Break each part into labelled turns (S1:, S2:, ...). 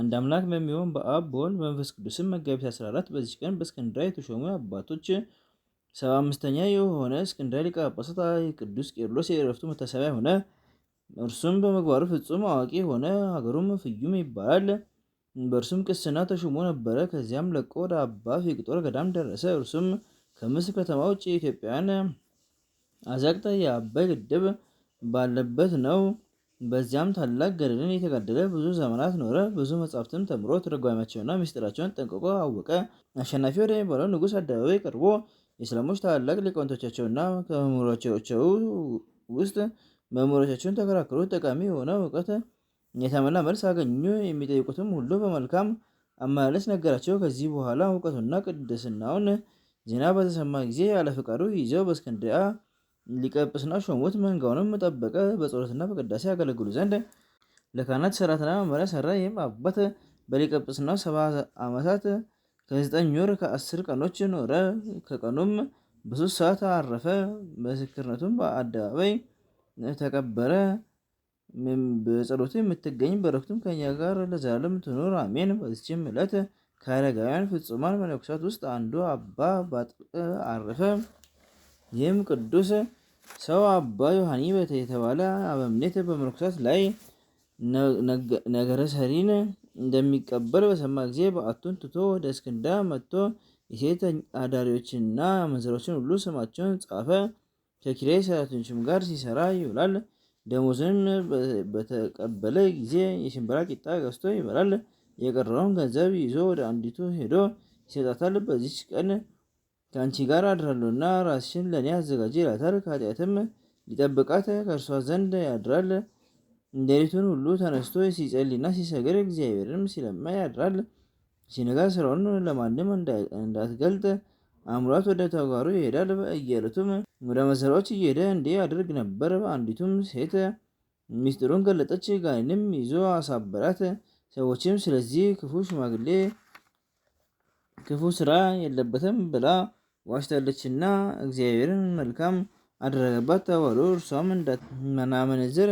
S1: አንድ አምላክ በሚሆን በአብ በወልድ በመንፈስ ቅዱስም መጋቢት 14 በዚች ቀን በእስክንድርያ የተሾሙ አባቶች ሰባ አምስተኛ የሆነ እስክንድርያ ሊቀ ጳጳሳት ቅዱስ ቄርሎስ የእረፍቱ መታሰቢያ ሆነ። እርሱም በመግባሩ ፍጹም አዋቂ ሆነ። ሀገሩም ፍዩም ይባላል። በእርሱም ቅስና ተሾሞ ነበረ። ከዚያም ለቆ ወደ አባ ፊቅጦር ገዳም ደረሰ። እርሱም ከምስር ከተማ ውጭ የኢትዮጵያን አዛቅጠ የአባይ ግድብ ባለበት ነው። በዚያም ታላቅ ገድልን የተጋደለ ብዙ ዘመናት ኖረ። ብዙ መጻሕፍትም ተምሮ ትርጓሜያቸውንና ምስጢራቸውን ጠንቅቆ አወቀ። አሸናፊ ወደሚባለው ንጉሥ አደባባይ ቀርቦ የእስላሞች ታላላቅ ሊቃውንቶቻቸውና ከመምህሮቻቸው ውስጥ መምህሮቻቸውን ተከራክሮ ጠቃሚ የሆነ እውቀት የተመላ መልስ አገኙ። የሚጠይቁትም ሁሉ በመልካም አመላለስ ነገራቸው። ከዚህ በኋላ እውቀቱና ቅድስናውን ዜና በተሰማ ጊዜ ያለ ይዘው በእስክንድርያ ሊቀጵስና ሾሙት። መንጋውንም ጠበቀ። በጸሎትና በቅዳሴ ያገለግሉ ዘንድ ለካህናት ሰራተና መመሪያ ሰራ። ይህም አባት በሊቀጵስና ሰባ ዓመታት ከዘጠኝ ወር ከአስር ቀኖች ኖረ። ከቀኑም በሶስት ሰዓት አረፈ። ምስክርነቱም በአደባባይ ተቀበረ። በጸሎቱ የምትገኝ በረከቱም ከኛ ጋር ለዘላለም ትኑር አሜን። በዚችም ዕለት ከአረጋውያን ፍጹማን መነኮሳት ውስጥ አንዱ አባ ባጥቅ አረፈ። ይህም ቅዱስ ሰው አባ በተ የተባለ አበምኔት በመነኮሳት ላይ ነገረ ሰሪን እንደሚቀበል በሰማ ጊዜ በዓቱን ትቶ ወደ እስክንዳ መጥቶ የሴት አዳሪዎችንና አመንዝሮችን ሁሉ ስማቸውን ጻፈ። ከኪራይ ሰራተኞችም ጋር ሲሰራ ይውላል። ደሞዝን በተቀበለ ጊዜ የሽንበራ ቂጣ ገዝቶ ይበላል። የቀረውን ገንዘብ ይዞ ወደ አንዲቱ ሄዶ ይሰጣታል። በዚች ቀን ከአንቺ ጋር አድራለሁና እና ራስሽን ለእኔ አዘጋጅ ይላታል። ከኃጢአትም ሊጠብቃት ከእርሷ ዘንድ ያድራል። እንደሪቱን ሁሉ ተነስቶ ሲጸልይና ሲሰግር እግዚአብሔርም ሲለማ ያድራል። ሲነጋ ስራውን ለማንም እንዳትገልጥ አእምሯት ወደ ተጓሩ ይሄዳል። በእየለቱም ወደ መሰራዎች እየሄደ እንዲህ ያደርግ ነበር። አንዲቱም ሴት ሚስጥሩን ገለጠች፣ ጋኔንም ይዞ አሳበራት። ሰዎችም ስለዚህ ክፉ ሽማግሌ ክፉ ስራ የለበትም ብላ ዋሽታለችና እግዚአብሔርን መልካም አደረገባት ተባሉ። እርሷም እንዳታመነዝር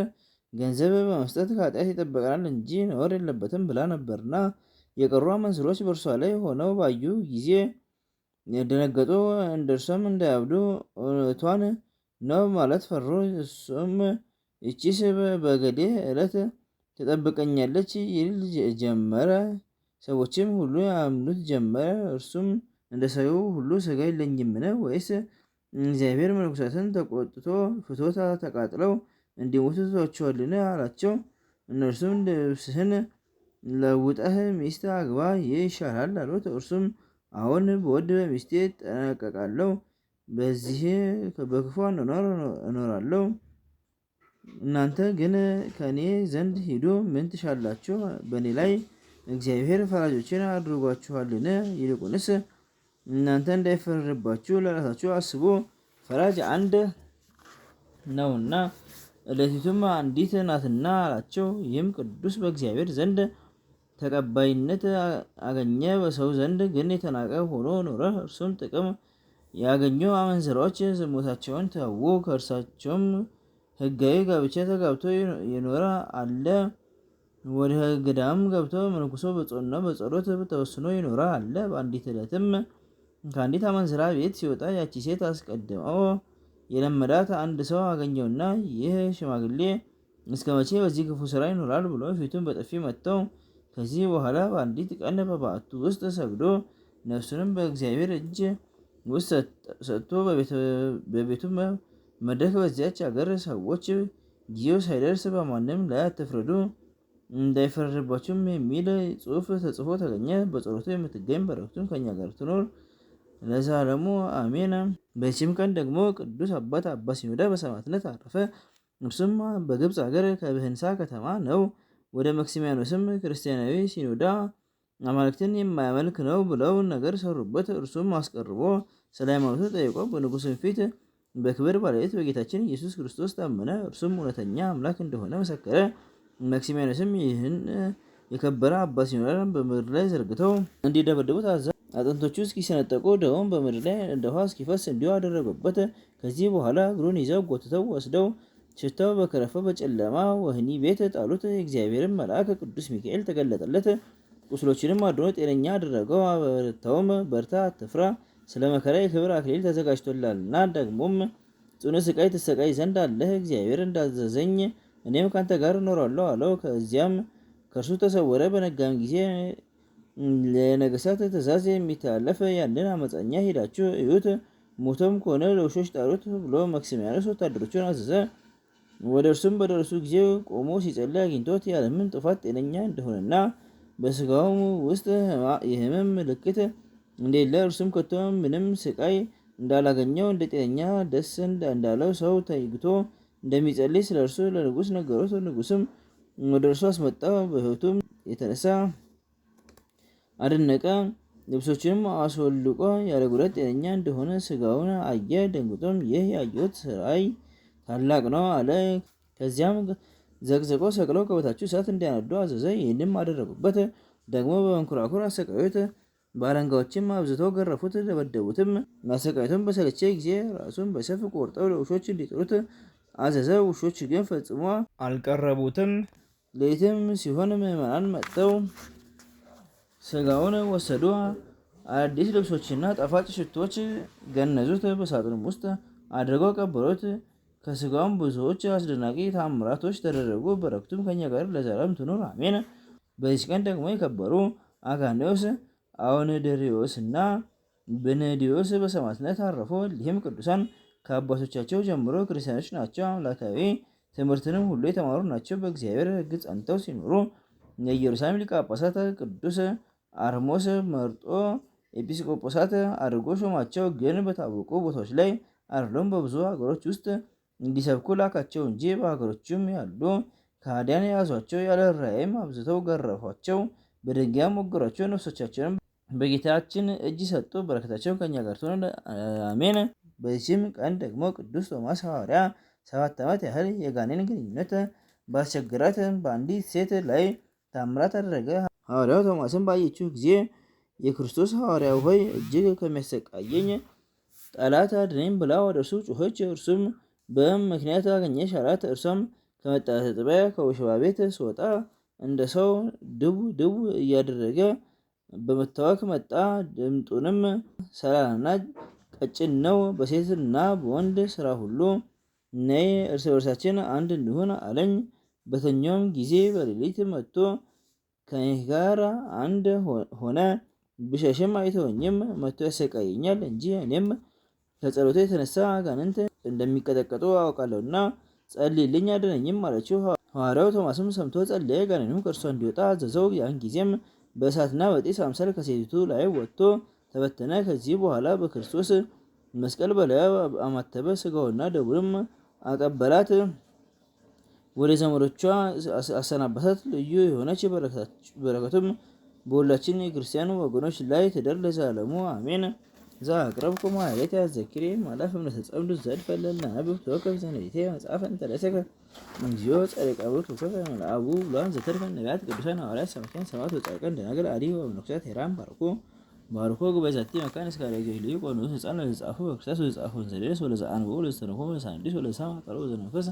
S1: ገንዘብ በመስጠት ከኃጢአት ይጠበቃል እንጂ ነውር የለበትም ብላ ነበርና የቀሩ አመንዝሮች በእርሷ ላይ ሆነው ባዩ ጊዜ የደነገጡ እንደ እርሷም እንዳያብዱ እውነቷን ነው ማለት ፈሩ። እሱም እቺስ በገሌ ዕለት ትጠብቀኛለች ይል ጀመረ። ሰዎችም ሁሉ ያምኑት ጀመረ። እርሱም እንደ ሰው ሁሉ ስጋ የለኝምን? ወይስ እግዚአብሔር መነኮሳትን ተቆጥቶ ፍቶታ ተቃጥለው እንዲሞቱ ትቷቸዋልን? አላቸው። እነርሱም ልብስህን ለውጠህ ሚስት አግባ ይሻላል አሉት። እርሱም አሁን በወድ በሚስቴ ጠነቀቃለሁ፣ በዚህ በክፉ አኗኗር እኖራለሁ። እናንተ ግን ከእኔ ዘንድ ሂዱ፣ ምን ትሻላችሁ? በእኔ ላይ እግዚአብሔር ፈራጆችን አድርጓችኋልን? ይልቁንስ እናንተ እንዳይፈረድባችሁ ለራሳችሁ አስቡ። ፈራጅ አንድ ነውና እለቲቱም አንዲት ናትና አላቸው። ይህም ቅዱስ በእግዚአብሔር ዘንድ ተቀባይነት አገኘ፣ በሰው ዘንድ ግን የተናቀ ሆኖ ኖረ። እርሱም ጥቅም ያገኙ አመንዝሮች ዝሙታቸውን ተዉ። ከእርሳቸውም ሕጋዊ ጋብቻ ተጋብቶ የኖረ አለ። ወደ ገዳም ገብቶ መንኩሶ በጾና በጸሎት ተወስኖ ይኖረ አለ። በአንዲት ዕለትም ከአንዲት አመንዝራ ቤት ሲወጣ ያቺ ሴት አስቀድመው የለመዳት አንድ ሰው አገኘውና ይህ ሽማግሌ እስከ መቼ በዚህ ክፉ ስራ ይኖራል ብሎ ፊቱን በጥፊ መጥተው፣ ከዚህ በኋላ በአንዲት ቀን በበዓቱ ውስጥ ሰግዶ ነፍሱንም በእግዚአብሔር እጅ ውስጥ ሰጥቶ በቤቱ መድረክ በዚያች ሀገር ሰዎች ጊዜው ሳይደርስ በማንም ላይ አትፍረዱ እንዳይፈረድባችሁም የሚል ጽሑፍ ተጽፎ ተገኘ። በጸሎቱ የምትገኝ በረክቱን ከኛ ጋር ትኖር ለዛ ደግሞ አሜን። በዚህም ቀን ደግሞ ቅዱስ አባት አባ ሲኖዳ በሰማዕትነት አረፈ። እርሱም በግብፅ ሀገር ከብህንሳ ከተማ ነው። ወደ መክሲሚያኖስም ክርስቲያናዊ ሲኖዳ አማልክትን የማያመልክ ነው ብለው ነገር ሰሩበት። እርሱም አስቀርቦ ስለ ሃይማኖቱ ጠይቆ በንጉሥም ፊት በክብር ባለቤት በጌታችን ኢየሱስ ክርስቶስ ታመነ። እርሱም እውነተኛ አምላክ እንደሆነ መሰከረ። መክሲሚያኖስም ይህን የከበረ አባ ሲኖዳን በምድር ላይ ዘርግተው እንዲደበድቡት አዘ። አጥንቶቹ እስኪሰነጠቁ ደሙም በምድር ላይ እንደ ውሃ እስኪፈስ እንዲሁ አደረጉበት። ከዚህ በኋላ እግሩን ይዘው ጎትተው ወስደው ሽተው በከረፈ በጨለማ ወህኒ ቤት ጣሉት። የእግዚአብሔርን መልአክ ቅዱስ ሚካኤል ተገለጠለት፣ ቁስሎችንም አድኖ ጤነኛ አደረገው። አበርተውም በርታ አትፍራ፣ ስለ መከራ የክብር አክሊል ተዘጋጅቶላልና ደግሞም ጽኑ ስቃይ ትሰቃይ ዘንድ አለህ። እግዚአብሔር እንዳዘዘኝ እኔም ካንተ ጋር እኖራለሁ አለው። ከዚያም ከእርሱ ተሰወረ። በነጋም ጊዜ ለነገሥታት ትእዛዝ የሚተላለፍ ያንን አመፀኛ ሄዳችሁ እዩት፣ ሞቶም ከሆነ ለውሾች ጣሉት ብሎ ማክሲሚያኖስ ወታደሮቹን አዘዘ። ወደ እርሱም በደረሱ ጊዜ ቆሞ ሲጸልይ አግኝቶት ያለምን ጥፋት ጤነኛ እንደሆነና በስጋውም ውስጥ የህመም ምልክት እንደሌለ እርሱም ከቶ ምንም ስቃይ እንዳላገኘው እንደ ጤነኛ ደስ እንዳለው ሰው ተይግቶ እንደሚጸልይ ስለ እርሱ ለንጉስ ነገሩት። ንጉስም ወደ እርሱ አስመጣው። በሕይወቱም የተነሳ አደነቀ። ልብሶችንም አስወልቆ ያለ ጉዳት ጤነኛ እንደሆነ ስጋውን አየ። ደንግጦም ይህ ያየሁት ራእይ ታላቅ ነው አለ። ከዚያም ዘቅዘቆ ሰቅለው ከበታችሁ እሳት እንዲያነዱ አዘዘ። ይህንም አደረጉበት። ደግሞ በመንኮራኩር አሰቃዩት። በአለንጋዎችም አብዝተው ገረፉት፣ ደበደቡትም። ማሰቃየቱም በሰለቸ ጊዜ ራሱን በሰፍ ቆርጠው ለውሾች እንዲጥሉት አዘዘ። ውሾች ግን ፈጽሞ
S2: አልቀረቡትም።
S1: ሌሊትም ሲሆን ምዕመናን መጥተው ስጋውን ወሰዱ፣ አዲስ ልብሶችና ጣፋጭ ሽቶች ገነዙት፣ በሳጥንም ውስጥ አድርገው ቀበሩት። ከሥጋውም ብዙዎች አስደናቂ ታምራቶች ተደረጉ። በረከቱም ከኛ ጋር ለዘላለም ትኑር አሜን። በዚህ ቀን ደግሞ የከበሩ አጋኔዎስ፣ አውንድሪዎስ እና ብንዲዮስ በሰማዕትነት አረፉ። እሊህም ቅዱሳን ከአባቶቻቸው ጀምሮ ክርስቲያኖች ናቸው። አምላካዊ ትምህርትንም ሁሉ የተማሩ ናቸው። በእግዚአብሔር ሕግ ጸንተው ሲኖሩ የኢየሩሳሌም ሊቀ ጳጳሳት ቅዱስ አርሞስ መርጦ ኤጲስቆጶሳት አድርጎ ሾማቸው። ግን በታወቁ ቦታዎች ላይ አይደለም በብዙ ሀገሮች ውስጥ እንዲሰብኩ ላካቸው እንጂ በሀገሮችም ያሉ ከሃዲያን የያዟቸው ያለ ራእይም አብዝተው ገረፏቸው፣ በድንጋይም ሞገሯቸው ነፍሶቻቸውን በጌታችን እጅ ሰጡ። በረከታቸው ከኛ ጋር ትሆን አሜን። በዚህም ቀን ደግሞ ቅዱስ ቶማስ ሐዋርያ ሰባት ዓመት ያህል የጋኔን ግንኙነት ባስቸግራት በአንዲት ሴት ላይ ታምራት አደረገ። ሐዋርያው ቶማስን ባየችው ጊዜ የክርስቶስ ሐዋርያው ሆይ እጅግ ከሚያሰቃየኝ ጠላት አድነኝ ብላ ወደ እርሱ ጮኸች። እርሱም በም ምክንያት አገኘሽ አላት። እርሷም ከመታጠቢያ ከወሸባ ቤት ስወጣ እንደ ሰው ድቡ ድቡ እያደረገ በመታወክ መጣ። ድምጡንም ሰላልና ቀጭን ነው። በሴትና በወንድ ስራ ሁሉ ነይ እርስ በርሳችን አንድ እንዲሆን አለኝ። በተኛውም ጊዜ በሌሊት መጥቶ ከእኔ ጋር አንድ ሆነ። ብሸሽም አይተወኝም፣ መቶ ያሰቃየኛል እንጂ እኔም ከጸሎቱ የተነሳ አጋንንት እንደሚቀጠቀጡ አውቃለሁና ጸልይልኝ አድነኝም አለችው። ሐዋርያው ቶማስም ሰምቶ ጸለየ፣ ጋኔኑም ከእርሷ እንዲወጣ አዘዘው። ያን ጊዜም በእሳትና በጢስ አምሳል ከሴቲቱ ላይ ወጥቶ ተበተነ። ከዚህ በኋላ በክርስቶስ መስቀል በላዩ አማተበ፣ ስጋውና ደሙንም አቀበላት። ወደ ዘመዶቿ አሰናበታት። ልዩ የሆነች በረከቱም በሁላችን የክርስቲያኑ ወገኖች ላይ ትደር ለዘላለሙ አሜን። ዘአቅረብኩ ማሕሌተ አዘኪሬ ማላፍ እምነተ ጸምዱ ዘድ ለነ አብብ ተወከፍ ዘነዲቴ መጽሐፈ እንተለሰከ እግዚኦ ጸሪ ቀብር ተወከፍ መልአቡ ብሏን ዘተርፈ ነቢያት ቅዱሳን ሐዋርያት ሰማዕታት ሰባት ወጻድቃን ደናግል አዲ ወመነኮሳት ሄራን ባርኮ ባርኮ ግበዛቲ መካን እስከ አዳጊ ልዩ ቆኖ ህፃን ለተጻፉ በክርስቶስ ተጻፉ ዘደረስ ወለዘአንቦ ወለዘተንኮ ወለሳንዲስ ወለሳማ ቀሮ ወዘነፈሰ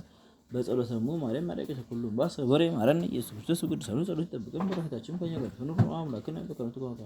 S1: በጸሎት ደግሞ ማርያም ማዳቀሽ ሁሉ ባሰ ወሬ ማረን ኢየሱስ ክርስቶስ ቅዱሳኑ ጸሎት ይጠብቀን። በረከታችን ከኛ ጋር ትኑር። አምላክን በቀንቱ ቋንቋ